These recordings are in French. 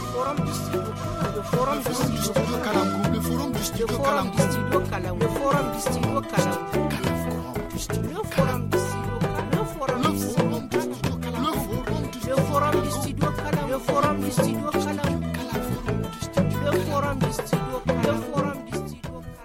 forum du studio forum du studio Calam, le forum du studio Calam, le forum du studio Calam, le forum du studio Calam, le forum du studio Calam, le forum du studio Calam, le forum du studio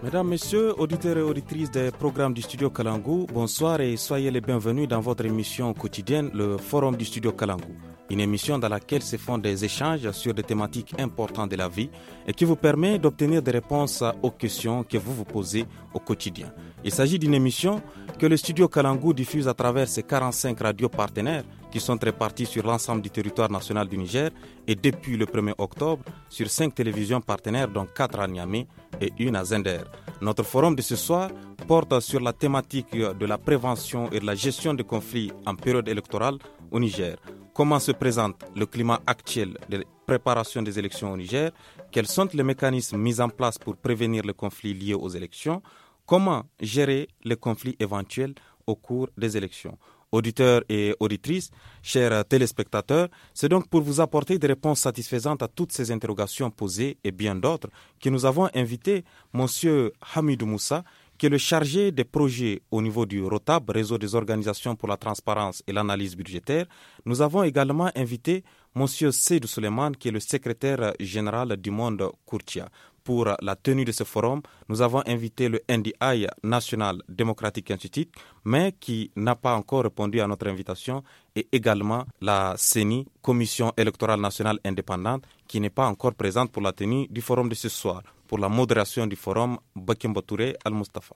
Mesdames, Messieurs, auditeurs et auditrices des programmes du Studio Kalangou, bonsoir et soyez les bienvenus dans votre émission quotidienne, le Forum du Studio Kalangou. Une émission dans laquelle se font des échanges sur des thématiques importantes de la vie et qui vous permet d'obtenir des réponses aux questions que vous vous posez au quotidien. Il s'agit d'une émission que le Studio Kalangou diffuse à travers ses 45 radios partenaires qui sont répartis sur l'ensemble du territoire national du Niger et depuis le 1er octobre sur cinq télévisions partenaires dont quatre à Niamey et une à Zender. Notre forum de ce soir porte sur la thématique de la prévention et de la gestion des conflits en période électorale au Niger. Comment se présente le climat actuel de préparation des élections au Niger Quels sont les mécanismes mis en place pour prévenir les conflits liés aux élections Comment gérer les conflits éventuels au cours des élections auditeurs et auditrices, chers téléspectateurs, c'est donc pour vous apporter des réponses satisfaisantes à toutes ces interrogations posées et bien d'autres que nous avons invité M. Hamid Moussa, qui est le chargé des projets au niveau du ROTAB, Réseau des organisations pour la transparence et l'analyse budgétaire. Nous avons également invité M. Seydou Soleiman, qui est le secrétaire général du Monde Courtia pour la tenue de ce forum, nous avons invité le NDI National Democratic Institute, mais qui n'a pas encore répondu à notre invitation, et également la CENI, Commission électorale nationale indépendante, qui n'est pas encore présente pour la tenue du forum de ce soir. Pour la modération du forum, Bakim Al-Mustafa.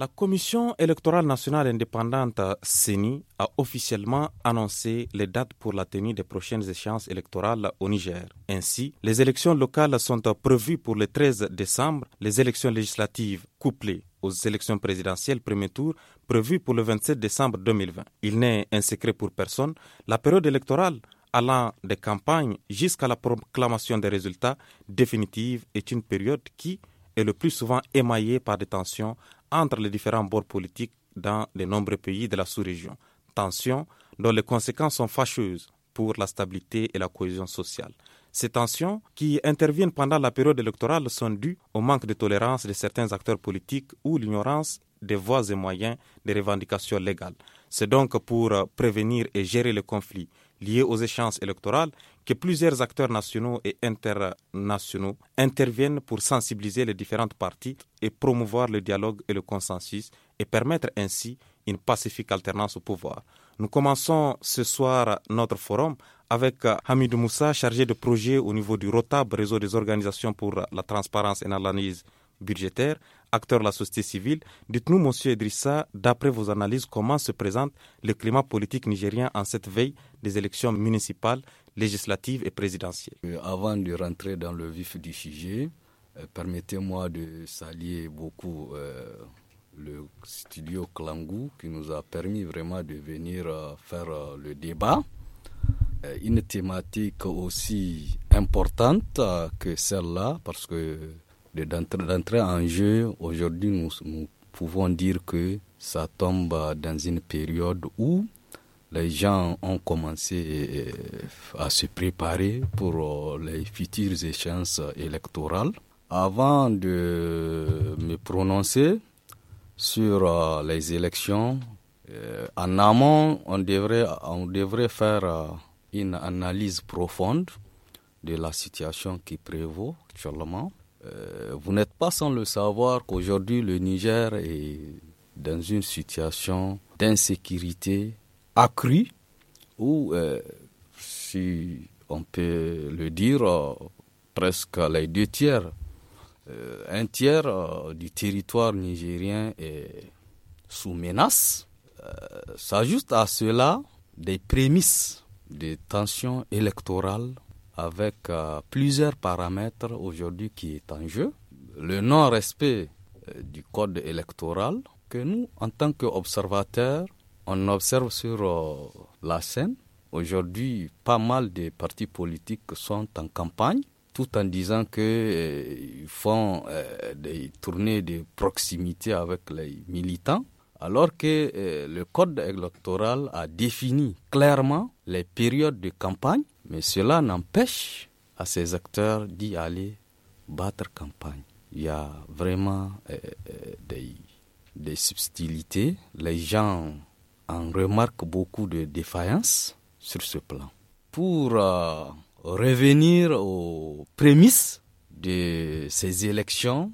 La Commission électorale nationale indépendante CENI a officiellement annoncé les dates pour la tenue des prochaines échéances électorales au Niger. Ainsi, les élections locales sont prévues pour le 13 décembre, les élections législatives couplées aux élections présidentielles premier tour prévues pour le 27 décembre 2020. Il n'est un secret pour personne, la période électorale allant des campagnes jusqu'à la proclamation des résultats définitifs est une période qui est le plus souvent émaillée par des tensions entre les différents bords politiques dans les nombreux pays de la sous-région. Tensions dont les conséquences sont fâcheuses pour la stabilité et la cohésion sociale. Ces tensions qui interviennent pendant la période électorale sont dues au manque de tolérance de certains acteurs politiques ou l'ignorance des voies et moyens des revendications légales. C'est donc pour prévenir et gérer les conflits liés aux échéances électorales que plusieurs acteurs nationaux et internationaux interviennent pour sensibiliser les différentes parties et promouvoir le dialogue et le consensus et permettre ainsi une pacifique alternance au pouvoir. Nous commençons ce soir notre forum avec euh, Hamid Moussa, chargé de projet au niveau du ROTAB, Réseau des organisations pour la transparence et l'analyse budgétaire, acteur de la société civile. Dites-nous, Monsieur Idrissa, d'après vos analyses, comment se présente le climat politique nigérien en cette veille des élections municipales législatives et présidentielles. Euh, avant de rentrer dans le vif du sujet, euh, permettez-moi de saluer beaucoup euh, le studio Klangou qui nous a permis vraiment de venir faire le débat. Une thématique aussi importante que celle-là, parce que d'entrer en jeu, aujourd'hui nous pouvons dire que ça tombe dans une période où les gens ont commencé euh, à se préparer pour euh, les futures échéances électorales. Avant de me prononcer sur euh, les élections, en amont, on devrait, on devrait faire une analyse profonde de la situation qui prévaut actuellement. vous n'êtes pas sans le savoir qu'aujourd'hui, le Niger est dans une situation d'insécurité accru ou, euh, si on peut le dire, euh, presque les deux tiers. Euh, un tiers du territoire nigérien est sous menace. s'ajuste à cela des prémices des tensions électorales avec plusieurs paramètres aujourd'hui qui est en jeu. Le non-respect du code électoral que nous, en tant qu'observateurs, on observe sur euh, la scène, aujourd'hui, pas mal de partis politiques sont en campagne tout en disant qu'ils euh, font euh, des tournées de proximité avec les militants, alors que le code électoral a défini clairement les périodes de campagne, mais cela n'empêche à ces acteurs d'y aller battre campagne. Il y a vraiment des subtilités. Les gens on remarque beaucoup de défaillances sur ce plan. Pour euh, revenir aux prémices de ces élections,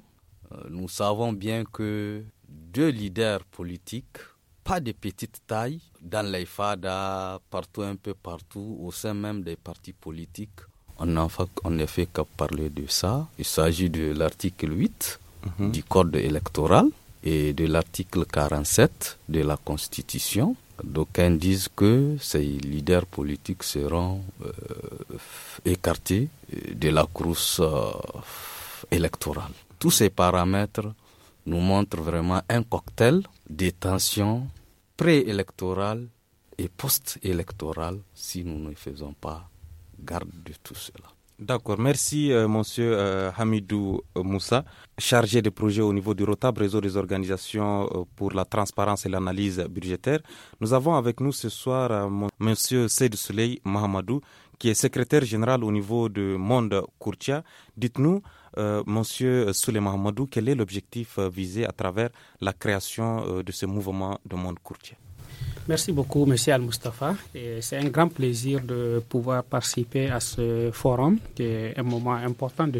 euh, nous savons bien que deux leaders politiques, pas de petite taille, dans les partout, un peu partout, au sein même des partis politiques, on n'en fait qu'à parler de ça. Il s'agit de l'article 8 mhm. du Code électoral et de l'article 47 de la Constitution. D'aucuns disent que ces leaders politiques seront euh, écartés euh, de la course euh, électorale. Tous ces paramètres nous montrent vraiment un cocktail des tensions préélectorales et post-électorales si nous ne faisons pas garde de tout cela. D'accord, merci euh, Monsieur euh, Hamidou Moussa, chargé des projets au niveau du ROTAB, réseau des organisations euh, pour la transparence et l'analyse budgétaire. Nous avons avec nous ce soir Monsieur Seyd Souley Mahamadou, qui est secrétaire général au niveau de Monde Courtia. Dites-nous, Monsieur Souley Mahamadou, quel est l'objectif visé à travers la création de ce mouvement de Monde Courtia Merci beaucoup, Monsieur Al-Mustafa. C'est un grand plaisir de pouvoir participer à ce forum, qui est un moment important de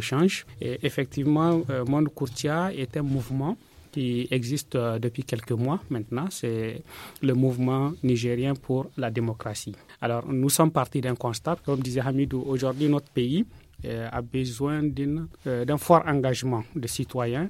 Et effectivement, euh, Monde Courtia est un mouvement qui existe euh, depuis quelques mois maintenant. C'est le mouvement nigérien pour la démocratie. Alors, nous sommes partis d'un constat. Comme disait Hamidou, aujourd'hui, notre pays euh, a besoin d'un fort engagement de citoyens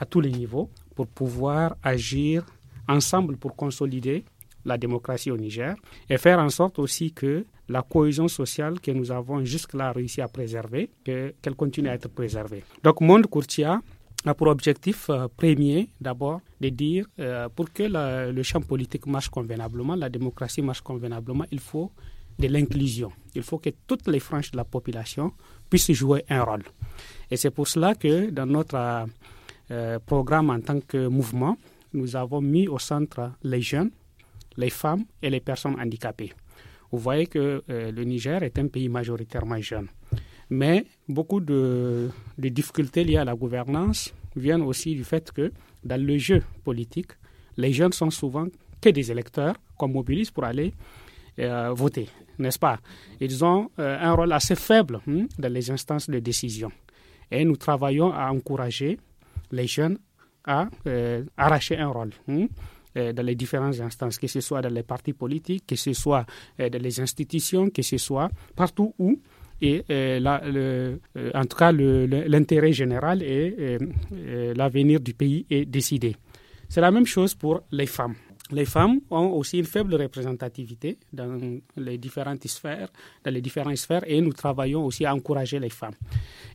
à tous les niveaux pour pouvoir agir ensemble pour consolider la démocratie au Niger et faire en sorte aussi que la cohésion sociale que nous avons jusque-là réussi à préserver, qu'elle continue à être préservée. Donc Monde Courtia a pour objectif euh, premier d'abord de dire euh, pour que le champ politique marche convenablement, la démocratie marche convenablement, il faut de l'inclusion. Il faut que toutes les franges de la population puissent jouer un rôle. Et c'est pour cela que dans notre euh, programme en tant que mouvement, nous avons mis au centre les jeunes, les femmes et les personnes handicapées. Vous voyez que euh, le Niger est un pays majoritairement jeune. Mais beaucoup de, difficultés liées à la gouvernance viennent aussi du fait que dans le jeu politique, les jeunes sont souvent que des électeurs qu'on mobilise pour aller euh, voter, n'est-ce pas Ils ont euh, un rôle assez faible hein, dans les instances de décision. Et nous travaillons à encourager les jeunes à euh, arracher un rôle. Hmm, euh, dans les différentes instances, que ce soit dans les partis politiques, que ce soit euh, dans les institutions, que ce soit partout où et en tout cas l'intérêt général et l'avenir du pays est décidé. C'est la même chose pour les femmes les femmes ont aussi une faible représentativité dans les différentes sphères, dans les différentes sphères, et nous travaillons aussi à encourager les femmes.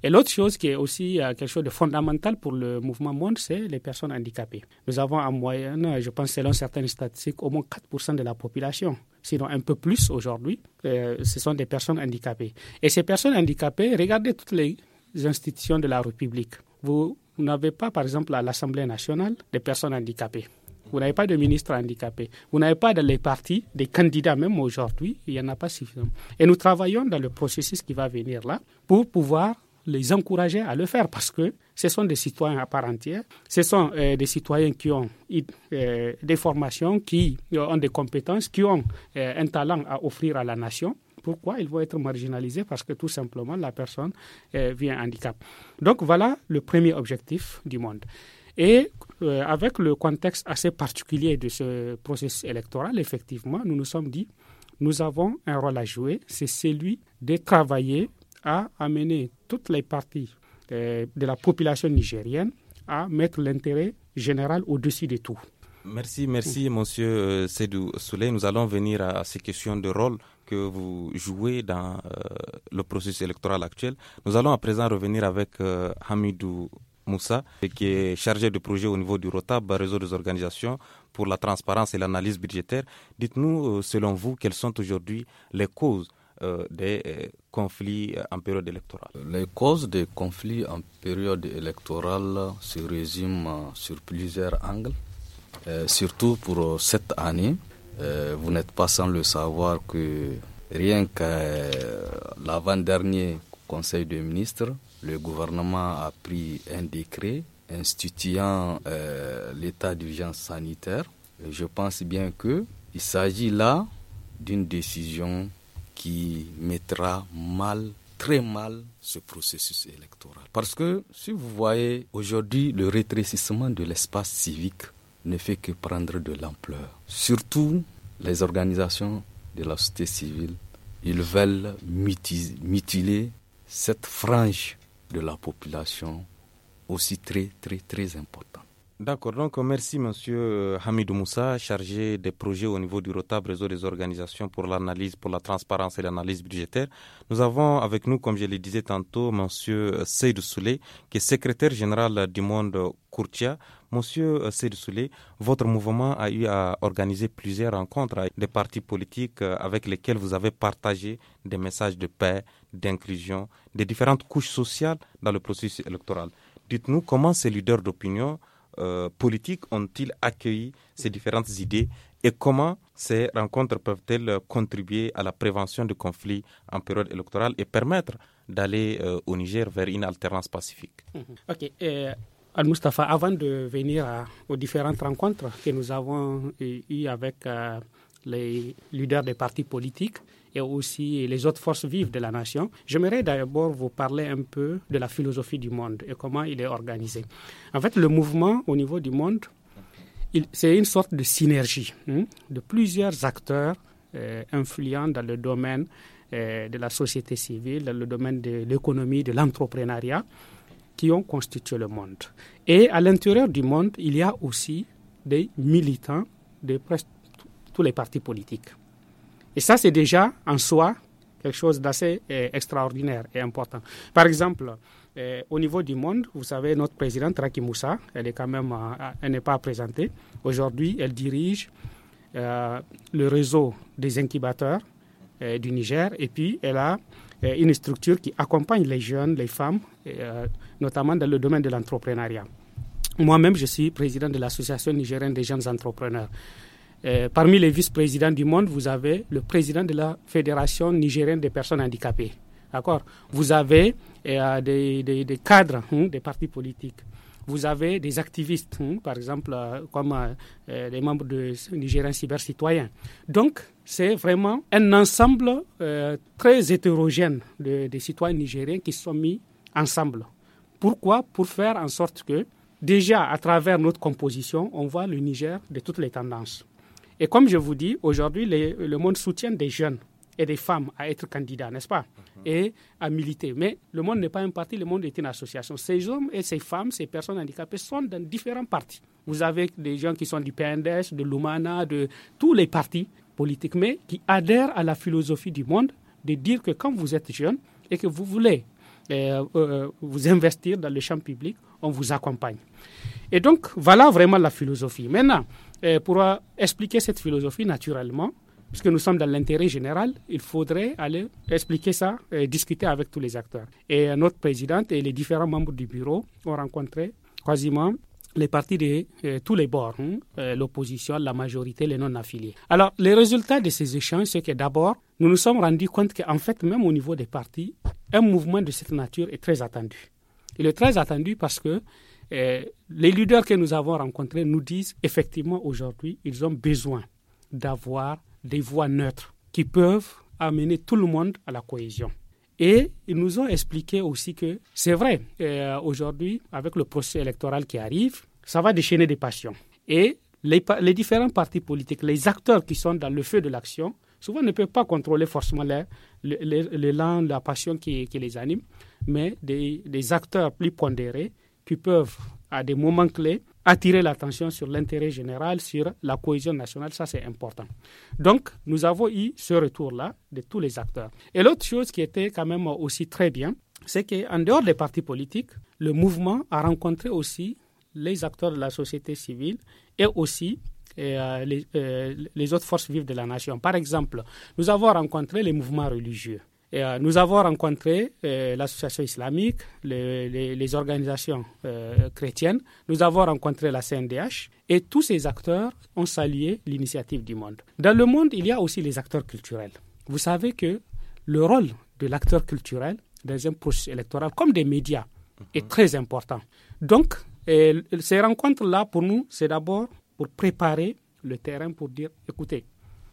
Et l'autre chose qui est aussi euh, quelque chose de fondamental pour le mouvement Monde, c'est les personnes handicapées. Nous avons en moyenne, je pense selon certaines statistiques, au moins 4% de la population sinon un peu plus aujourd'hui, euh, ce sont des personnes handicapées. Et ces personnes handicapées, regardez toutes les institutions de la République. Vous n'avez pas, par exemple, à l'Assemblée nationale, des personnes handicapées vous n'avez pas de ministre handicapé, vous n'avez pas dans les partis des candidats, même aujourd'hui, il n'y en a pas suffisamment. Et nous travaillons dans le processus qui va venir là pour pouvoir les encourager à le faire parce que ce sont des citoyens à part entière, ce sont euh, des citoyens qui ont euh, des formations, qui euh, ont des compétences, qui ont un talent à offrir à la nation. Pourquoi ils vont être marginalisés Parce que tout simplement la personne vient handicap. Donc voilà le premier objectif du monde. Et euh, avec le contexte assez particulier de ce processus électoral, effectivement, nous nous sommes dit, nous avons un rôle à jouer, c'est celui de travailler à amener toutes les parties euh, de la population nigérienne à mettre l'intérêt général au-dessus de tout. Merci, merci, monsieur euh, Sédou Souley. Nous allons venir à, ces questions de rôle que vous jouez dans le processus électoral actuel. Nous allons à présent revenir avec Hamidou Moussa, qui est chargé de projet au niveau du ROTAB, ben, réseau des organisations pour la transparence et l'analyse budgétaire. Dites-nous, euh, selon vous, quelles sont aujourd'hui les causes euh, des euh, conflits en période électorale Les causes des conflits en période électorale se résument sur plusieurs angles, surtout pour cette année. vous n'êtes pas sans le savoir que rien que l'avant-dernier Conseil des ministres, le gouvernement a pris un décret instituant euh, l'état d'urgence sanitaire. je pense bien que il s'agit là d'une décision qui mettra mal, très mal, ce processus électoral. Parce que si vous voyez aujourd'hui le rétrécissement de l'espace civique ne fait que prendre de l'ampleur. Surtout les organisations de la société civile, ils veulent mutiler cette frange de la population aussi très, très, très importante. D'accord, donc euh, merci Monsieur euh, Hamidou Moussa, chargé des projets au niveau du ROTAB, réseau des organisations pour l'analyse, pour la transparence et l'analyse budgétaire. Nous avons avec nous, comme je le disais tantôt, Monsieur euh, Seydou Souley, qui est secrétaire général du Monde Courtia. Monsieur Seydou Souley, votre mouvement a eu à organiser plusieurs rencontres avec des partis politiques avec lesquels vous avez partagé des messages de paix, d'inclusion, des différentes couches sociales dans le processus électoral. Dites-nous comment ces leaders d'opinion euh, politiques ont-ils accueilli ces différentes idées et comment ces rencontres peuvent-elles contribuer à la prévention du conflit en période électorale et permettre d'aller euh, au Niger vers une alternance pacifique mhm. Ok. Al-Mustafa, avant de venir aux différentes rencontres que nous avons eues avec euh, les leaders des partis politiques et aussi les autres forces vives de la nation. J'aimerais d'abord vous parler un peu de la philosophie du monde et comment il est organisé. En fait, le mouvement au niveau du monde, c'est une sorte de synergie hein, de plusieurs acteurs euh, influents dans le domaine euh, de la société civile, dans le domaine de l'économie, de l'entrepreneuriat, qui ont constitué le monde. Et à l'intérieur du monde, il y a aussi des militants des presque tous les partis politiques. Et ça, c'est déjà en soi quelque chose d'assez eh, extraordinaire et important. Par exemple, eh, au niveau du monde, vous savez, notre présidente Raki Moussa, elle est quand même, euh, euh, elle n'est pas présentée. Aujourd'hui, elle dirige euh, le réseau des incubateurs eh, du Niger et puis elle a une structure qui accompagne les jeunes, les femmes, notamment dans le domaine de l'entrepreneuriat. Moi-même, je suis président de l'Association nigérienne des jeunes entrepreneurs. Euh, parmi les vice-présidents du monde, vous avez le président de la Fédération nigérienne des personnes handicapées. Vous avez euh, des, cadres hein, des partis politiques. Vous avez des activistes, hein, par exemple, euh, comme les membres de Cyber cybercitoyens. Donc, c'est vraiment un ensemble très hétérogène de, des citoyens nigériens qui sont mis ensemble. Pourquoi Pour faire en sorte que, déjà, à travers notre composition, on voit le Niger de toutes les tendances. Et comme je vous dis, aujourd'hui, le monde soutient des jeunes et des femmes à être candidats, n'est-ce pas mhm. Et à militer. Mais le monde n'est pas un parti, le monde est une association. Ces hommes et ces femmes, ces personnes handicapées sont dans différents partis. Vous avez des gens qui sont du PNDS, de l'UMANA, de tous les partis politiques, mais qui adhèrent à la philosophie du monde de dire que quand vous êtes jeune et que vous voulez euh, euh, vous investir dans le champ public, on vous accompagne. Et donc, voilà vraiment la philosophie. Maintenant, euh, pour expliquer cette philosophie naturellement, puisque nous sommes dans l'intérêt général, il faudrait aller expliquer ça, et euh, discuter avec tous les acteurs. Et euh, notre présidente et les différents membres du bureau ont rencontré quasiment les partis de tous les bords, hein, l'opposition, la majorité, les non-affiliés. Alors, les résultats de ces échanges, c'est que d'abord, nous nous sommes rendus compte qu'en fait, même au niveau des partis, un mouvement de cette nature est très attendu. Il est très attendu parce que eh, les leaders que nous avons rencontrés nous disent effectivement aujourd'hui, ils ont besoin d'avoir des voix neutres qui peuvent amener tout le monde à la cohésion. Et ils nous ont expliqué aussi que c'est vrai, eh, aujourd'hui, avec le procès électoral qui arrive, ça va déchaîner des passions. Et les, les, différents partis politiques, les acteurs qui sont dans le feu de l'action, souvent ne peuvent pas contrôler forcément l'élan, la passion qui, les anime, mais des, des acteurs plus pondérés qui peuvent, à des moments clés, attirer l'attention sur l'intérêt général, sur la cohésion nationale, ça c'est important. Donc, nous avons eu ce retour-là de tous les acteurs. Et l'autre chose qui était quand même aussi très bien, c'est qu'en dehors des partis politiques, le mouvement a rencontré aussi les acteurs de la société civile et aussi euh, les, euh, les autres forces vives de la nation. Par exemple, nous avons rencontré les mouvements religieux euh, nous avons rencontré euh, l'association islamique, les, organisations euh, chrétiennes, nous avons rencontré la CNDH et tous ces acteurs ont salué l'initiative du monde. Dans le monde, il y a aussi les acteurs culturels. Vous savez que le rôle de l'acteur culturel dans un processus électoral, comme des médias, mhm. est très important. Donc, ces rencontres-là, pour nous, c'est d'abord pour préparer le terrain pour dire, écoutez,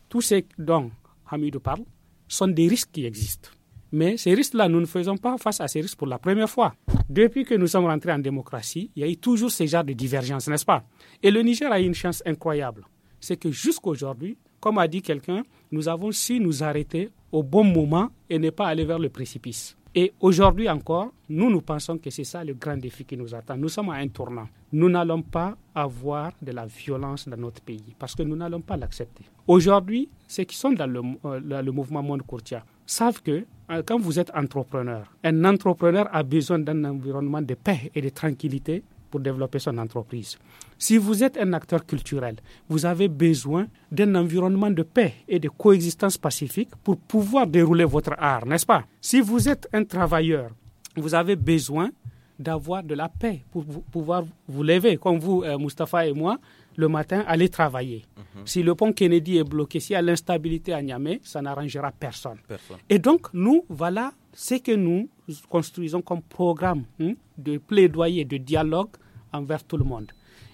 tout ce dont Hamidou parle, sont des risques qui existent. Mais ces risques-là, nous ne faisons pas face à ces risques pour la première fois. Depuis que nous sommes rentrés en démocratie, il y a eu toujours ce genre de divergences, n'est-ce pas Et le Niger a eu une chance incroyable. C'est que jusqu'aujourd'hui, comme a dit quelqu'un, nous avons su nous arrêter au bon moment et ne pas aller vers le précipice. Et aujourd'hui encore, nous, nous pensons que c'est ça le grand défi qui nous attend. Nous sommes à un tournant. Nous n'allons pas avoir de la violence dans notre pays parce que nous n'allons pas l'accepter. Aujourd'hui, ceux qui sont dans le, euh, mouvement Monde Courtia savent que euh, quand vous êtes entrepreneur, un entrepreneur a besoin d'un environnement de paix et de tranquillité pour développer son entreprise. Si vous êtes un acteur culturel, vous avez besoin d'un environnement de paix et de coexistence pacifique pour pouvoir dérouler votre art, n'est-ce pas Si vous êtes un travailleur, vous avez besoin d'avoir de la paix pour, pouvoir vous lever, comme vous, euh, Mustapha et moi, le matin, aller travailler. Mhm. Si le pont Kennedy est bloqué, s'il y a l'instabilité à Niamey, ça n'arrangera personne. Et donc, nous, voilà ce que nous construisons comme programme hein, de plaidoyer, de dialogue envers tout le monde.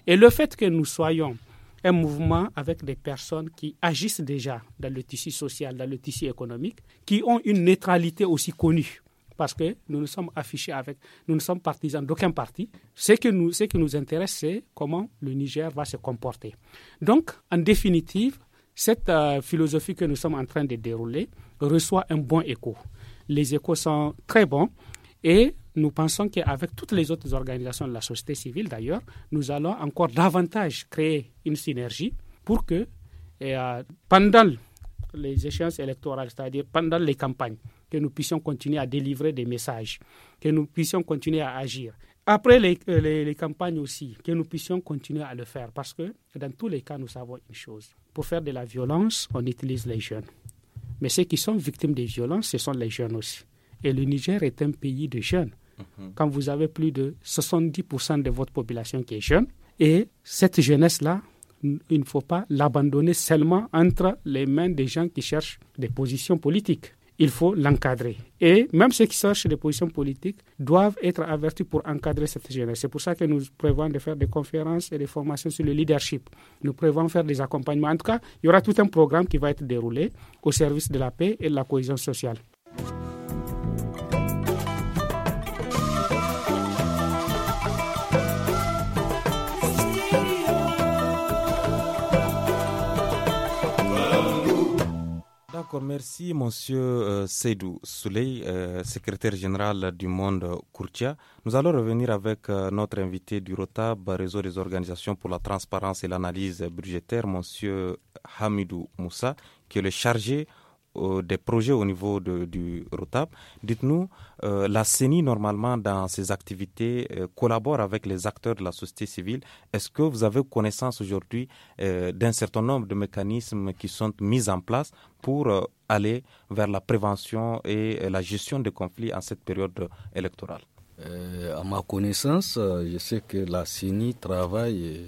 Et le fait que nous soyons un mouvement avec des personnes qui agissent déjà dans le tissu social, dans le tissu économique, qui ont une neutralité aussi connue parce que nous sommes affichés avec, nous ne sommes partisans d'aucun parti. Ce qui nous, ce qui nous intéresse, c'est comment le Niger va se comporter. Donc, en définitive, cette euh, philosophie que nous sommes en train de dérouler reçoit un bon écho. Les échos sont très bons et nous pensons qu'avec toutes les autres organisations de la société civile, d'ailleurs, nous allons encore davantage créer une synergie pour que, euh, pendant les échéances électorales, c'est-à-dire pendant les campagnes, que nous puissions continuer à délivrer des messages, que nous puissions continuer à agir. Après euh, les, les, campagnes aussi, que nous puissions continuer à le faire, parce que dans tous les cas, nous savons une chose. Pour faire de la violence, on utilise les jeunes. Mais ceux qui sont victimes des violences, ce sont les jeunes aussi. Et le Niger est un pays de jeunes. Mhm. Quand vous avez plus de 70% de votre population qui est jeune, et cette jeunesse-là, il ne faut pas l'abandonner seulement entre les mains des gens qui cherchent des positions politiques il faut l'encadrer. Et même ceux qui cherchent des positions politiques doivent être avertis pour encadrer cette jeunesse. C'est pour ça que nous prévoyons de faire des conférences et des formations sur le leadership. Nous prévoyons faire des accompagnements. En tout cas, il y aura tout un programme qui va être déroulé au service de la paix et de la cohésion sociale. merci Monsieur euh, Seydou Souley, euh, secrétaire général du Monde Courtia. Nous allons revenir avec euh, notre invité du ROTAB, Réseau des organisations pour la transparence et l'analyse budgétaire, Monsieur Hamidou Moussa, qui est le chargé euh, des projets au niveau du ROTAP. Dites-nous, euh, la CENI, normalement, dans ses activités, euh, collabore avec les acteurs de la société civile. Est-ce que vous avez connaissance aujourd'hui d'un certain nombre de mécanismes qui sont mis en place pour aller vers la prévention et la gestion des conflits en cette période électorale À ma connaissance, je sais que la CENI travaille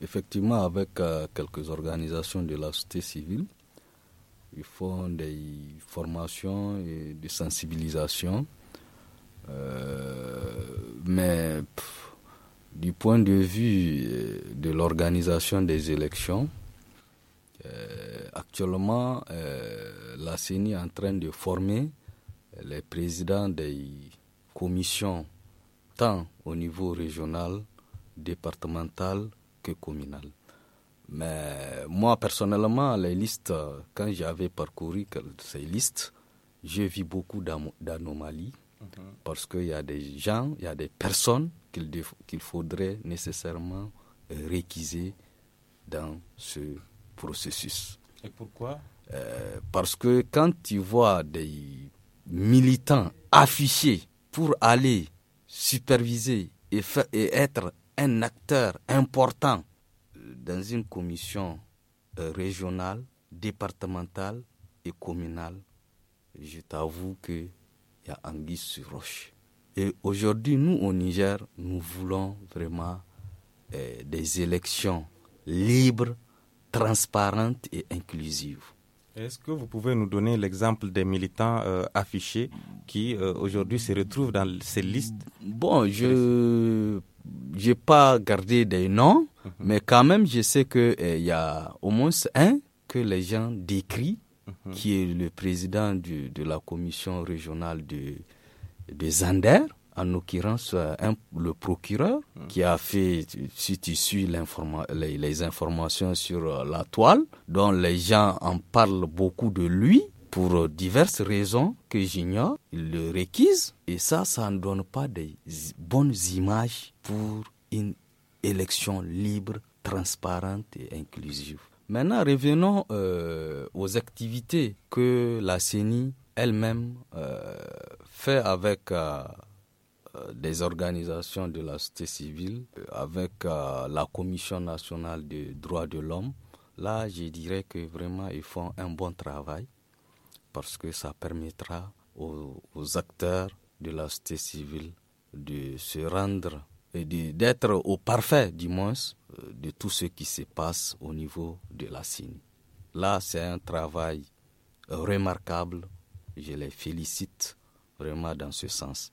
effectivement avec quelques organisations de la société civile ils font des formations et de sensibilisation. Euh, mais du point de vue euh, de l'organisation des élections, euh, actuellement, la CENI est en train de former les présidents des commissions, tant au niveau régional, départemental que communal. Mais moi, personnellement, les listes, quand j'avais parcouru ces listes, j'ai vu beaucoup d'anomalies mhm. parce qu'il y a des gens, il y a des personnes qu'il faudrait nécessairement réquiser dans ce processus. Et pourquoi euh, Parce que quand tu vois des militants affichés pour aller superviser et être un acteur important dans une commission euh, régionale, départementale et communale, je t'avoue qu'il y a anguille sur roche. Et aujourd'hui, nous, au Niger, nous voulons vraiment euh, des élections libres, transparentes et inclusives. Est-ce que vous pouvez nous donner l'exemple des militants euh, affichés qui aujourd'hui se retrouvent dans ces listes Bon, je n'ai pas gardé des noms, Mhm. Mais quand même, je sais qu'il eh, il y a au moins un que les gens décrivent, mhm. qui est le président de la commission régionale de, de Zander, en l'occurrence euh, le procureur, mhm. qui a fait, si tu suis les, informations sur euh, la toile, dont les gens en parlent beaucoup de lui pour euh, diverses raisons que j'ignore, il le réquise. Et ça, ça ne donne pas de bonnes images pour une élections libres, transparentes et inclusives. Maintenant, revenons euh, aux activités que la CENI elle-même euh, fait avec euh, des organisations de la société civile, avec la Commission nationale des droits de l'homme. Là, je dirais que vraiment, ils font un bon travail parce que ça permettra aux acteurs de la société civile de se rendre d'être au parfait, du moins, euh, de tout ce qui se passe au niveau de la CINI. Là, c'est un travail remarquable. Je les félicite vraiment dans ce sens.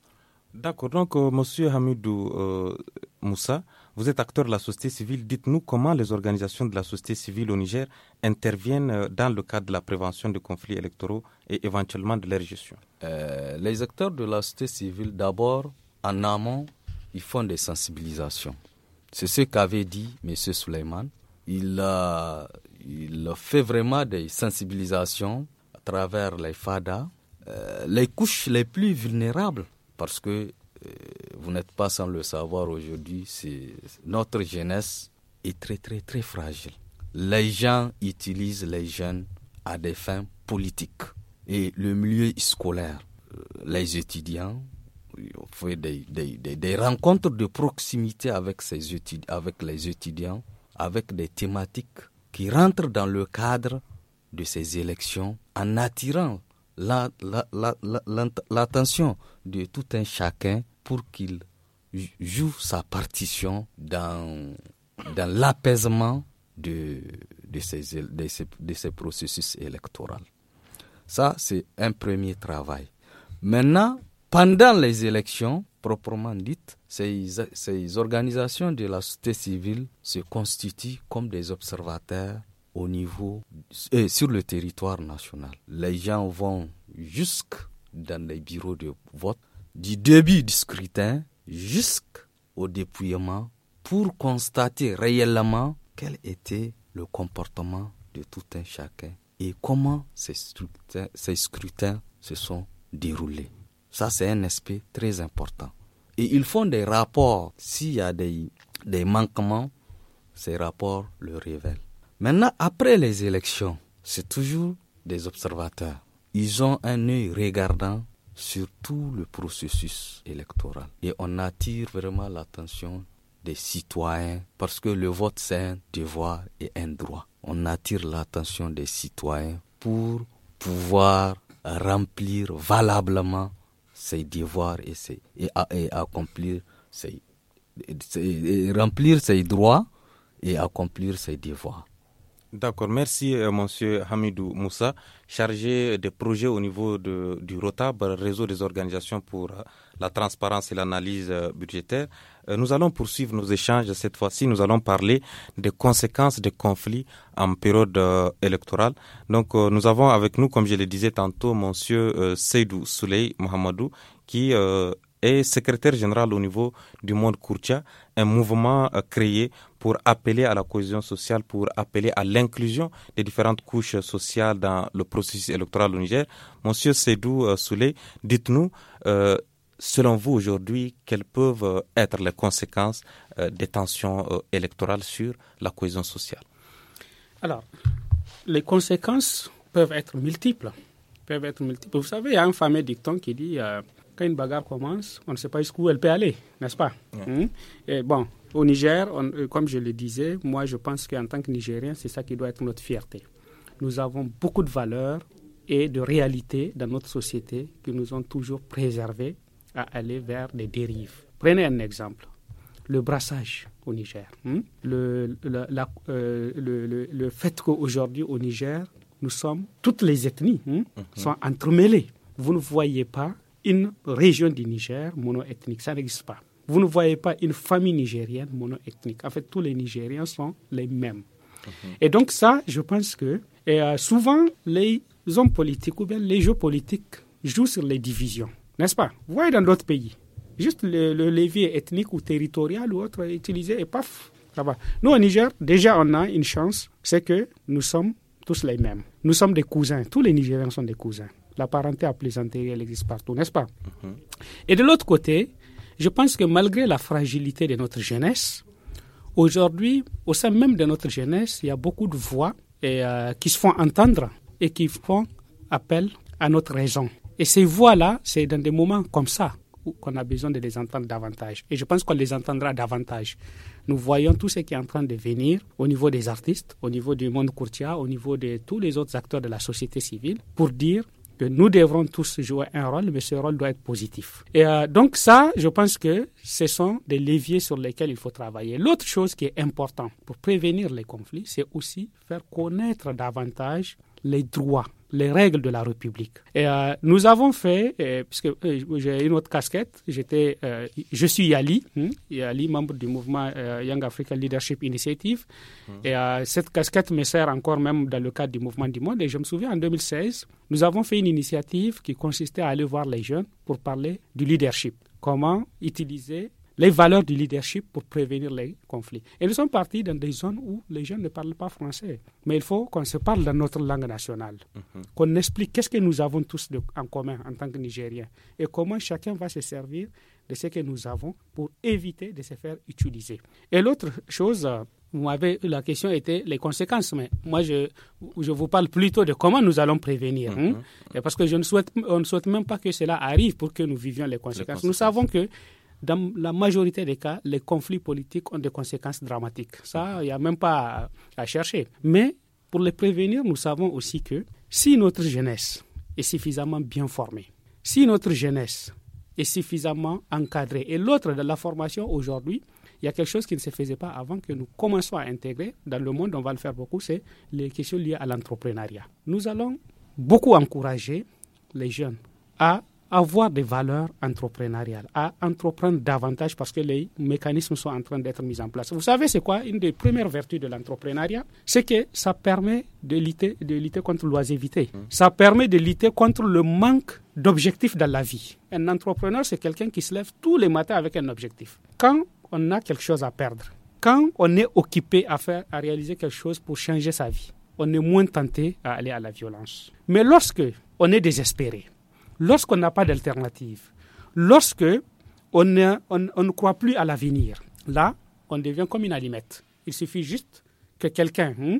D'accord. Donc, M. Euh, Monsieur Hamidou euh, Moussa, vous êtes acteur de la société civile. Dites-nous comment les organisations de la société civile au Niger interviennent dans le cadre de la prévention des conflits électoraux et éventuellement de leur gestion. les acteurs de la société civile, d'abord, en amont, ils font des sensibilisations. C'est ce qu'avait dit M. Suleiman. Il, a il fait vraiment des sensibilisations à travers les FADA, euh, les couches les plus vulnérables, parce que euh, vous n'êtes pas sans le savoir aujourd'hui, notre jeunesse est très très très fragile. Les gens utilisent les jeunes à des fins politiques et le milieu scolaire, euh, les étudiants, fait des, des, des, rencontres de proximité avec, ces avec les étudiants, avec des thématiques qui rentrent dans le cadre de ces élections en attirant l'attention la, de tout un chacun pour qu'il joue sa partition dans, dans l'apaisement de, de, ces, de ces processus électoraux. Ça, c'est un premier travail. Maintenant, pendant les élections proprement dites, ces, organisations de la société civile se constituent comme des observateurs au niveau et euh, sur le territoire national. Les gens vont jusque dans les bureaux de vote, du début du scrutin jusqu'au dépouillement pour constater réellement quel était le comportement de tout un chacun et comment ces scrutins se sont déroulés. Ça, c'est un aspect très important. Et ils font des rapports. S'il y a des, manquements, ces rapports le révèlent. Maintenant, après les élections, c'est toujours des observateurs. Ils ont un œil regardant sur tout le processus électoral. Et on attire vraiment l'attention des citoyens parce que le vote, c'est un devoir et un droit. On attire l'attention des citoyens pour pouvoir remplir valablement ses devoirs et, et, accomplir ses, remplir ses droits et accomplir ses devoirs. D'accord, merci euh, Monsieur Hamidou Moussa, chargé des projets au niveau de, du ROTAB, réseau des organisations pour euh, la transparence et l'analyse euh, budgétaire. Nous allons poursuivre nos échanges. Cette fois-ci, nous allons parler des conséquences des conflits en période électorale. Donc, nous avons avec nous, comme je le disais tantôt, Monsieur Seydou Souley Mohamadou, qui et secrétaire général au niveau du monde Kourtia, un mouvement euh, créé pour appeler à la cohésion sociale, pour appeler à l'inclusion des différentes couches sociales dans le processus électoral au Niger. Monsieur Sédou euh, Souley, dites-nous, euh, selon vous aujourd'hui, quelles peuvent être les conséquences des tensions électorales sur la cohésion sociale Alors, les conséquences peuvent être multiples. Peuvent être multiples. Vous savez, il y a un fameux dicton qui dit quand une bagarre commence, on ne sait pas jusqu'où elle peut aller, n'est-ce pas hmm? Et bon, au Niger, euh, comme je le disais, moi je pense qu'en tant que Nigérien, c'est ça qui doit être notre fierté. Nous avons beaucoup de valeurs et de réalités dans notre société qui nous ont toujours préservés à aller vers des dérives. Prenez un exemple, le brassage au Niger. Hmm? Euh, le, le, fait qu'aujourd'hui au Niger, nous sommes, toutes les ethnies hmm, mhm. sont entremêlées. Vous ne voyez pas une région du Niger monoethnique. Ça n'existe pas. Vous ne voyez pas une famille nigérienne monoethnique. En fait, tous les Nigériens sont les mêmes. Mhm. Et donc ça, je pense que et, euh, souvent, les hommes politiques ou bien les jeux politiques jouent sur les divisions, n'est-ce pas Vous voyez dans d'autres pays, juste le, le, levier ethnique ou territorial ou autre est utilisé et paf, ça va. Nous, au Niger, déjà, on a une chance, c'est que nous sommes tous les mêmes. Nous sommes des cousins. Tous les Nigériens sont des cousins. La parenté à plaisanterie, elle existe partout, n'est-ce pas mhm. Et de l'autre côté, je pense que malgré la fragilité de notre jeunesse, aujourd'hui, au sein même de notre jeunesse, il y a beaucoup de voix et, euh, qui se font entendre et qui font appel à notre raison. Et ces voix-là, c'est dans des moments comme ça qu'on a besoin de les entendre davantage. Et je pense qu'on les entendra davantage. Nous voyons tout ce qui est en train de venir au niveau des artistes, au niveau du monde courtier, au niveau de tous les autres acteurs de la société civile, pour dire nous devrons tous jouer un rôle, mais ce rôle doit être positif. Et euh, donc ça, je pense que ce sont des leviers sur lesquels il faut travailler. L'autre chose qui est importante pour prévenir les conflits, c'est aussi faire connaître davantage les droits les règles de la République. Et euh, nous avons fait, euh, puisque euh, j'ai une autre casquette, j'étais, je suis Yali, Yali, hein, membre du mouvement Young Africa Leadership Initiative. Mmh. Et cette casquette me sert encore même dans le cadre du mouvement du monde. Et je me souviens, en 2016, nous avons fait une initiative qui consistait à aller voir les jeunes pour parler du leadership. Comment utiliser les valeurs du leadership pour prévenir les conflits. Et nous sommes partis dans des zones où les gens ne parlent pas français. Mais il faut qu'on se parle dans notre langue nationale, mhm. qu'on explique qu'est-ce que nous avons tous en commun en tant que Nigériens et comment chacun va se servir de ce que nous avons pour éviter de se faire utiliser. Et l'autre chose, euh, vous la question était les conséquences, mais moi je, je vous parle plutôt de comment nous allons prévenir. Hein. Mhm. Et parce que je ne souhaite, on ne souhaite même pas que cela arrive pour que nous vivions Les conséquences. Nous savons que dans la majorité des cas, les conflits politiques ont des conséquences dramatiques. Ça, mhm. il n'y a même pas à, chercher. Mais pour les prévenir, nous savons aussi que si notre jeunesse est suffisamment bien formée, si notre jeunesse est suffisamment encadrée, et l'autre de la formation aujourd'hui, il y a quelque chose qui ne se faisait pas avant que nous commençons à intégrer dans le monde, on va le faire beaucoup, c'est les questions liées à l'entrepreneuriat. Nous allons beaucoup encourager les jeunes à avoir des valeurs entrepreneuriales, à entreprendre davantage parce que les mécanismes sont en train d'être mis en place. Vous savez, c'est quoi une des premières vertus de l'entrepreneuriat C'est que ça permet de lutter, de lutter contre l'oisivité. Mmh. Ça permet de lutter contre le manque d'objectifs dans la vie. Un entrepreneur, c'est quelqu'un qui se lève tous les matins avec un objectif. Quand on a quelque chose à perdre, quand on est occupé à, faire, à réaliser quelque chose pour changer sa vie, on est moins tenté à aller à la violence. Mais lorsque on est désespéré, lorsqu'on n'a pas d'alternative, lorsque on, ne croit plus à l'avenir, là, on devient comme une allumette. Il suffit juste que quelqu'un hmm,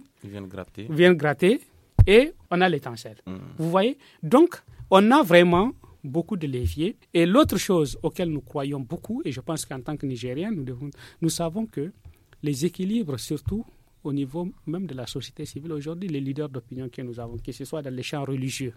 vienne, gratter. et on a l'étincelle. Hmm. Vous voyez Donc, on a vraiment beaucoup de leviers. Et l'autre chose auquel nous croyons beaucoup, et je pense qu'en tant que Nigériens, nous, devons, nous savons que les équilibres, surtout au niveau même de la société civile aujourd'hui, les leaders d'opinion que nous avons, que ce soit dans les champs religieux,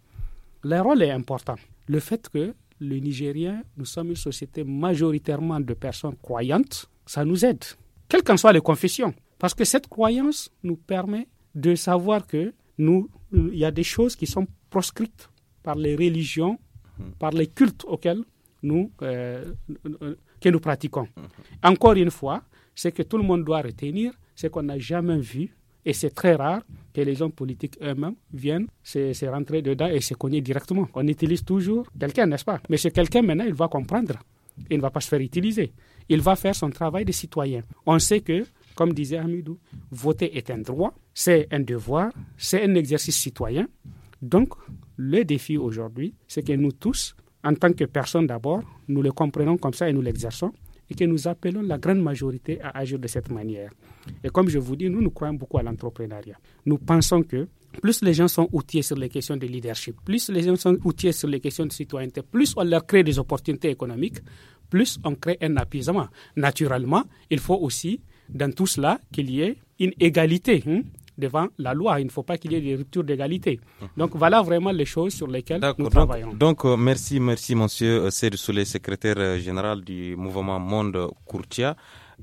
le rôle est important. Le fait que le Nigérien, nous sommes une société majoritairement de personnes croyantes, ça nous aide, quelles qu'en soient les confessions. Parce que cette croyance nous permet de savoir que nous, il y a des choses qui sont proscrites par les religions, mhm. par les cultes auxquels nous, euh, que nous pratiquons. Mhm. Encore une fois, ce que tout le monde doit retenir, c'est qu'on n'a jamais vu et c'est très rare que les hommes politiques eux-mêmes viennent se, rentrer dedans et se cogner directement. On utilise toujours quelqu'un, n'est-ce pas Mais ce quelqu'un, maintenant, il va comprendre. Il ne va pas se faire utiliser. Il va faire son travail de citoyen. On sait que, comme disait Hamidou, voter est un droit, c'est un devoir, c'est un exercice citoyen. Donc, le défi aujourd'hui, c'est que nous tous, en tant que personnes d'abord, nous le comprenons comme ça et nous l'exerçons et que nous appelons la grande majorité à agir de cette manière. Et comme je vous dis, nous, nous croyons beaucoup à l'entrepreneuriat. Nous pensons que plus les gens sont outillés sur les questions de leadership, plus les gens sont outillés sur les questions de citoyenneté, plus on leur crée des opportunités économiques, plus on crée un apaisement. Naturellement, il faut aussi, dans tout cela, qu'il y ait une égalité hein, devant la loi. Il ne faut pas qu'il y ait des ruptures d'égalité. Donc voilà vraiment les choses sur lesquelles nous travaillons. Donc, euh, merci, merci Monsieur Cédric euh, Soulet, secrétaire euh, général du mouvement Monde Courtia.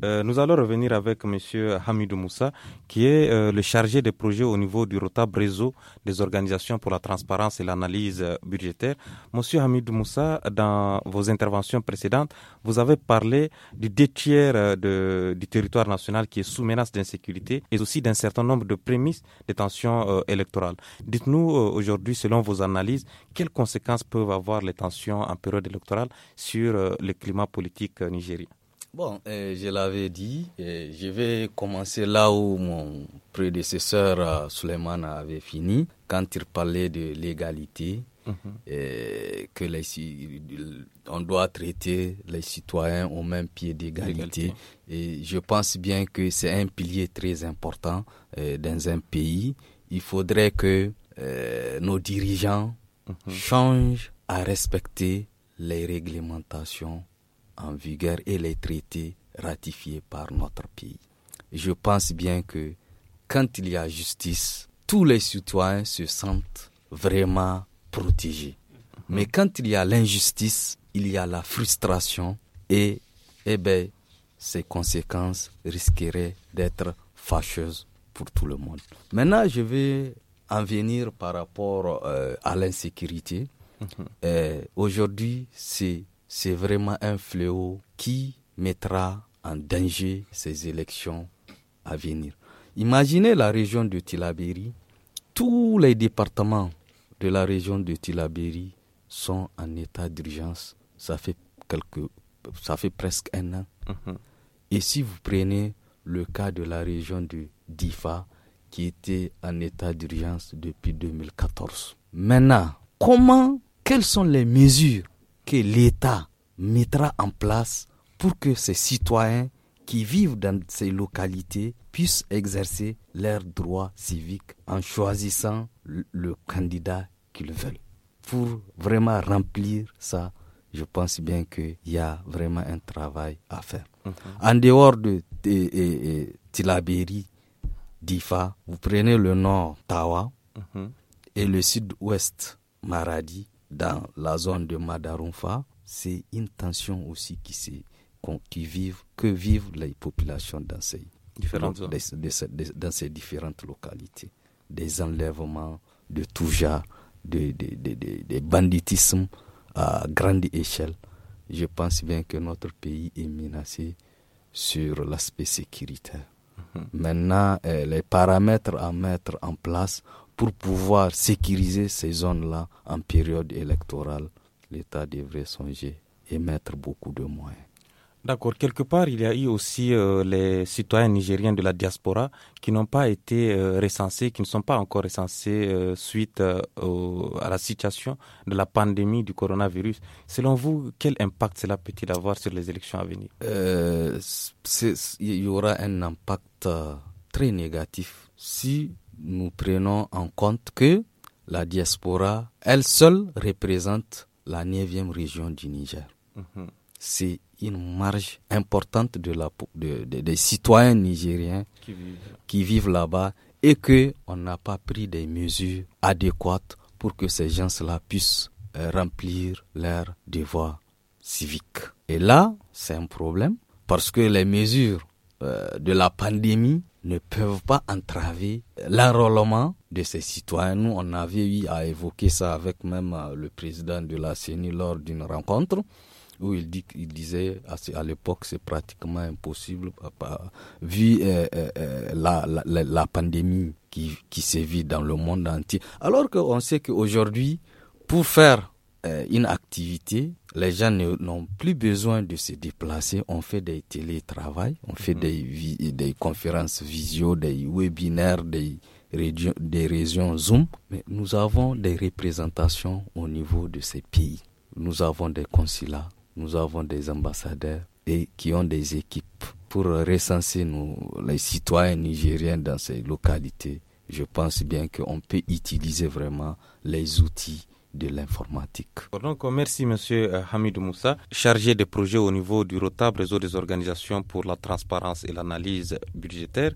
Euh, nous allons revenir avec M. Hamidou Moussa, qui est euh, le chargé des projets au niveau du ROTAB réseau des organisations pour la transparence et l'analyse euh, budgétaire. Monsieur Hamid Moussa, dans vos interventions précédentes, vous avez parlé du deux tiers du territoire national qui est sous menace d'insécurité et aussi d'un certain nombre de prémices des tensions électorales. Dites-nous aujourd'hui, selon vos analyses, quelles conséquences peuvent avoir les tensions en période électorale sur le climat politique nigérien Bon, euh, je l'avais dit, euh, je vais commencer là où mon prédécesseur euh, Suleiman avait fini, quand il parlait de l'égalité, mhm. euh, que les, on doit traiter les citoyens au même pied d'égalité. Et je pense bien que c'est un pilier très important dans un pays. Il faudrait que nos dirigeants mhm. changent à respecter les réglementations en vigueur et les traités ratifiés par notre pays. Je pense bien que quand il y a justice, tous les citoyens se sentent vraiment protégés. Mhm. Mais quand il y a l'injustice, il y a la frustration et, eh ben, ses conséquences risqueraient d'être fâcheuses pour tout le monde. Maintenant, je vais en venir par rapport euh, à l'insécurité. Mhm. Euh, aujourd'hui, c'est c'est vraiment un fléau qui mettra en danger ces élections à venir. Imaginez la région de Tilaberi. Tous les départements de la région de Tilaberi sont en état d'urgence. Ça fait quelques, ça fait presque un an. Mhm. Et si vous prenez le cas de la région de Difa, qui était en état d'urgence depuis 2014. Maintenant, comment, quelles sont les mesures que l'État mettra en place pour que ces citoyens qui vivent dans ces localités puissent exercer leurs droits civiques en choisissant le candidat qu'ils veulent. Pour vraiment remplir ça, je pense bien qu'il y a vraiment un travail à faire. Mhm. En dehors de, Tilabéry, Difa, vous prenez le nord Tawa mhm. et le sud-ouest Maradi dans la zone de Madarumfa, c'est une tension aussi qui, se, qui vivent que vivent les populations dans ces, différentes, dans ces différentes localités. Des enlèvements de tout genre, des de, banditismes à grande échelle. Je pense bien que notre pays est menacé sur l'aspect sécuritaire. Mhm. Maintenant, euh, les paramètres à mettre en place pour pouvoir sécuriser ces zones-là en période électorale, l'État devrait songer et mettre beaucoup de moyens. D'accord. Quelque part, il y a eu aussi euh, les citoyens nigériens de la diaspora qui n'ont pas été euh, recensés, qui ne sont pas encore recensés euh, suite à la situation de la pandémie du coronavirus. Selon vous, quel impact cela peut-il avoir sur les élections à venir Il y aura un impact très négatif si nous prenons en compte que la diaspora, elle seule, représente la 9e région du Niger. Mhm. C'est une marge importante de la, des citoyens nigériens qui vivent, là-bas et qu'on n'a pas pris des mesures adéquates pour que ces gens-là puissent euh, remplir leurs devoirs civiques. Et là, c'est un problème parce que les mesures euh, de la pandémie ne peuvent pas entraver l'enrôlement de ces citoyens. Nous, on avait eu à évoquer ça avec même euh, le président de la CENI lors d'une rencontre où il, dit, disait à, l'époque c'est pratiquement impossible euh, vu euh, la, pandémie qui, qui sévit dans le monde entier. Alors qu'on sait qu'aujourd'hui, pour faire euh, une activité, les gens n'ont plus besoin de se déplacer. On fait des télétravail, on fait mhm. des, des conférences visio, des webinaires, des, des régions Zoom, mais nous avons des représentations au niveau de ces pays. Nous avons des consulats, nous avons des ambassadeurs et qui ont des équipes pour recenser nous, les citoyens nigériens dans ces localités. Je pense bien qu'on peut utiliser vraiment les outils de l'informatique. Donc, merci M. Euh, Hamid Moussa, chargé des projets au niveau du ROTAB, Réseau des organisations pour la transparence et l'analyse budgétaire.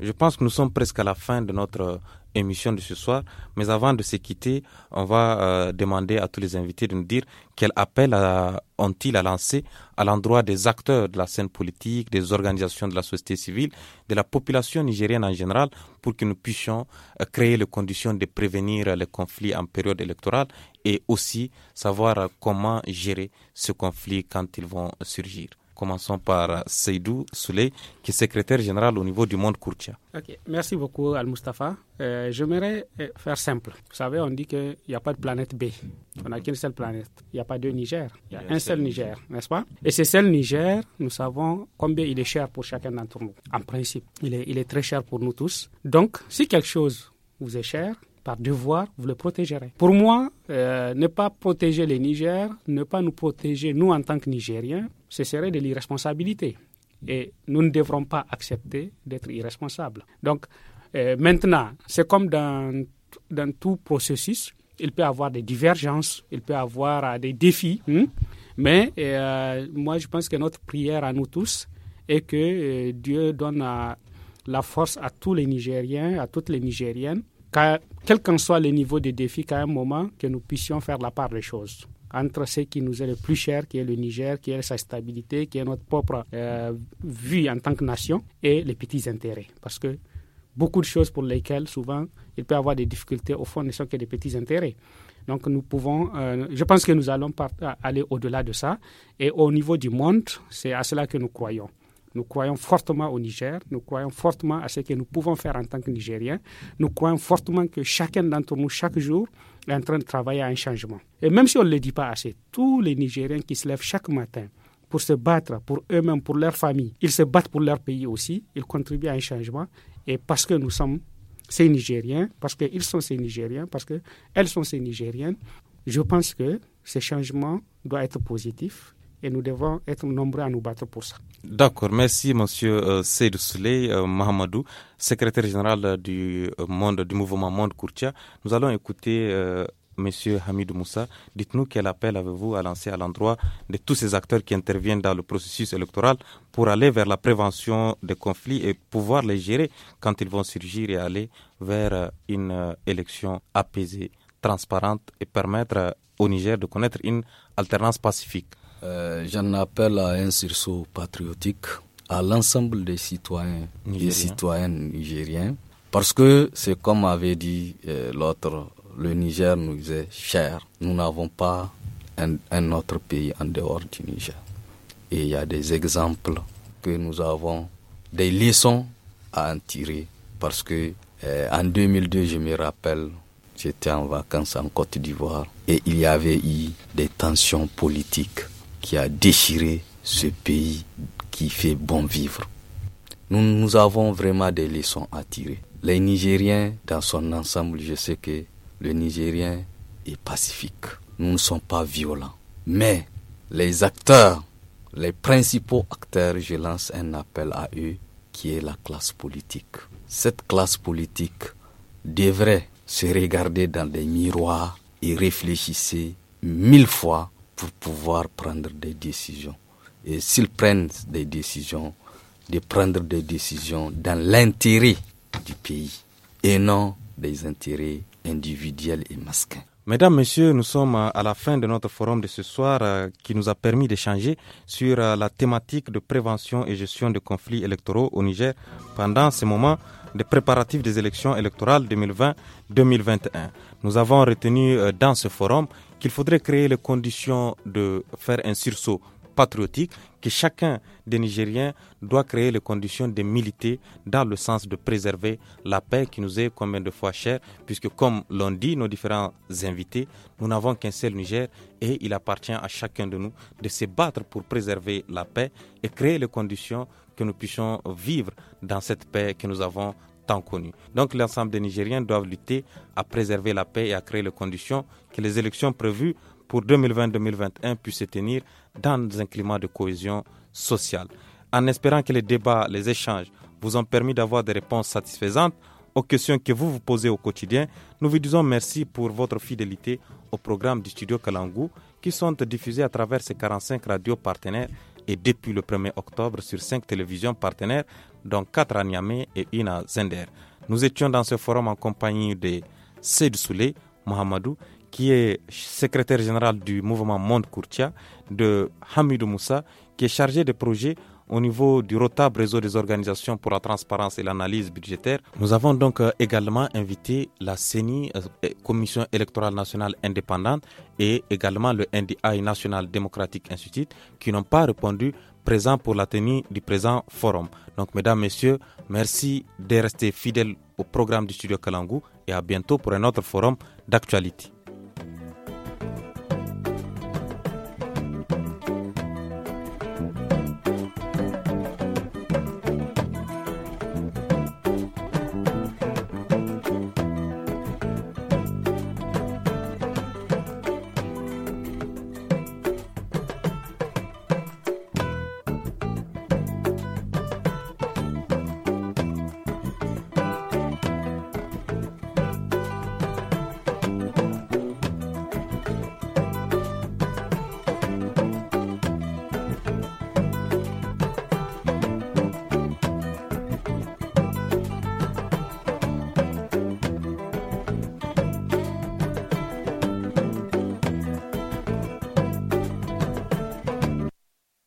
Je pense que nous sommes presque à la fin de notre émission de ce soir. Mais avant de se quitter, on va euh, demander à tous les invités de nous dire quel appel ont-ils à lancer à l'endroit des acteurs de la scène politique, des organisations de la société civile, de la population nigérienne en général, pour que nous puissions euh, créer les conditions de prévenir les conflits en période électorale et aussi savoir euh, comment gérer ce conflit quand ils vont surgir. Commençons par Seydou Souley, qui est secrétaire général au niveau du monde courtier. Merci beaucoup, Al-Mustafa. Euh, j'aimerais euh, faire simple. Vous savez, on dit qu'il n'y a pas de planète B. On n'a qu'une seule planète. Il n'y a pas deux Niger. Il y a, un seul Niger, n'est-ce pas Et ce seul Niger, nous savons combien il est cher pour chacun d'entre nous. En principe, il est, il est très cher pour nous tous. Donc, si quelque chose vous est cher, par devoir, vous le protégerez. Pour moi, euh, ne pas protéger les Niger, ne pas nous protéger, nous en tant que Nigériens, ce serait de l'irresponsabilité. Et nous ne devrons pas accepter d'être irresponsables. Donc, euh, maintenant, c'est comme dans, dans, tout processus, il peut y avoir des divergences, il peut y avoir euh, des défis, hein. mais moi je pense que notre prière à nous tous est que Dieu donne la force à tous les Nigériens, à toutes les Nigériennes, quel qu'en soit le niveau de défis, qu'à un moment, que nous puissions faire la part des choses entre ce qui nous est le plus cher, qui est le Niger, qui est sa stabilité, qui est notre propre euh, vue en tant que nation, et les petits intérêts. Parce que beaucoup de choses pour lesquelles, souvent, il peut y avoir des difficultés, au fond, ne sont que des petits intérêts. Donc nous pouvons, euh, je pense que nous allons euh, aller au-delà de ça. Et au niveau du monde, c'est à cela que nous croyons. Nous croyons fortement au Niger, nous croyons fortement à ce que nous pouvons faire en tant que Nigériens, nous croyons fortement que chacun d'entre nous, chaque jour, est en train de travailler à un changement. Et même si on ne le dit pas assez, tous les Nigériens qui se lèvent chaque matin pour se battre pour eux-mêmes, pour leur famille, ils se battent pour leur pays aussi, ils contribuent à un changement, et parce que nous sommes ces Nigériens, parce qu'ils sont ces Nigériens, parce qu'elles sont ces Nigériennes, je pense que ce changement doit être positif, et nous devons être nombreux à nous battre pour ça. D'accord, merci Monsieur euh, Seydou Souley euh, Mahamadou, secrétaire général du euh, monde du mouvement Monde Courtia. Nous allons écouter Monsieur Hamid Moussa. Dites-nous quel appel avez-vous à lancer à l'endroit de tous ces acteurs qui interviennent dans le processus électoral pour aller vers la prévention des conflits et pouvoir les gérer quand ils vont surgir et aller vers une élection apaisée, transparente et permettre au Niger de connaître une alternance pacifique. Euh, j'en appelle à un sursaut patriotique à l'ensemble des citoyens et citoyennes nigériens, parce que c'est comme avait dit euh, l'autre, le Niger nous est cher. Nous n'avons pas un, autre pays en dehors du Niger. Et il y a des exemples que nous avons, des leçons à en tirer, parce que euh, en 2002, je me rappelle, j'étais en vacances en Côte d'Ivoire et il y avait eu des tensions politiques qui a déchiré ce pays qui fait bon vivre. Nous, nous avons vraiment des leçons à tirer. Les Nigériens, dans son ensemble, je sais que le Nigérien est pacifique. Nous ne sommes pas violents. Mais les acteurs, les principaux acteurs, je lance un appel à eux, qui est la classe politique. Cette classe politique devrait se regarder dans des miroirs et réfléchir mille fois pour pouvoir prendre des décisions. Et s'ils prennent des décisions, de prendre des décisions dans l'intérêt du pays et non des intérêts individuels et masquins. Mesdames, Messieurs, nous sommes à la fin de notre forum de ce soir euh, qui nous a permis d'échanger sur euh, la thématique de prévention et gestion de conflits électoraux au Niger pendant ce moment des préparatifs des élections électorales 2020-2021. Nous avons retenu euh, dans ce forum il faudrait créer les conditions de faire un sursaut patriotique, que chacun des Nigériens doit créer les conditions de militer dans le sens de préserver la paix qui nous est combien de fois chère, puisque comme l'ont dit nos différents invités, nous n'avons qu'un seul Niger et il appartient à chacun de nous de se battre pour préserver la paix et créer les conditions que nous puissions vivre dans cette paix que nous avons connu. Donc l'ensemble des Nigériens doivent lutter à préserver la paix et à créer les conditions que les élections prévues pour 2020-2021 puissent se tenir dans un climat de cohésion sociale. En espérant que les débats, les échanges vous ont permis d'avoir des réponses satisfaisantes aux questions que vous vous posez au quotidien, nous vous disons merci pour votre fidélité au programme du studio Kalangou qui sont diffusés à travers ces 45 radios partenaires et depuis le 1er octobre sur cinq télévisions partenaires, dont quatre à Niamey et une à Zender. Nous étions dans ce forum en compagnie de Seyd Souley Mohamadou, qui est secrétaire général du mouvement Monde Courtia, de Hamidou Moussa, qui est chargé des projets au niveau du rotab réseau des organisations pour la transparence et l'analyse budgétaire. Nous avons donc euh, également invité la CENI, euh, Commission électorale nationale indépendante, et également le NDI National démocratique Institute, qui n'ont pas répondu présent pour la tenue du présent forum. Donc, mesdames, messieurs, merci de rester fidèles au programme du studio Kalangou et à bientôt pour un autre forum d'actualité.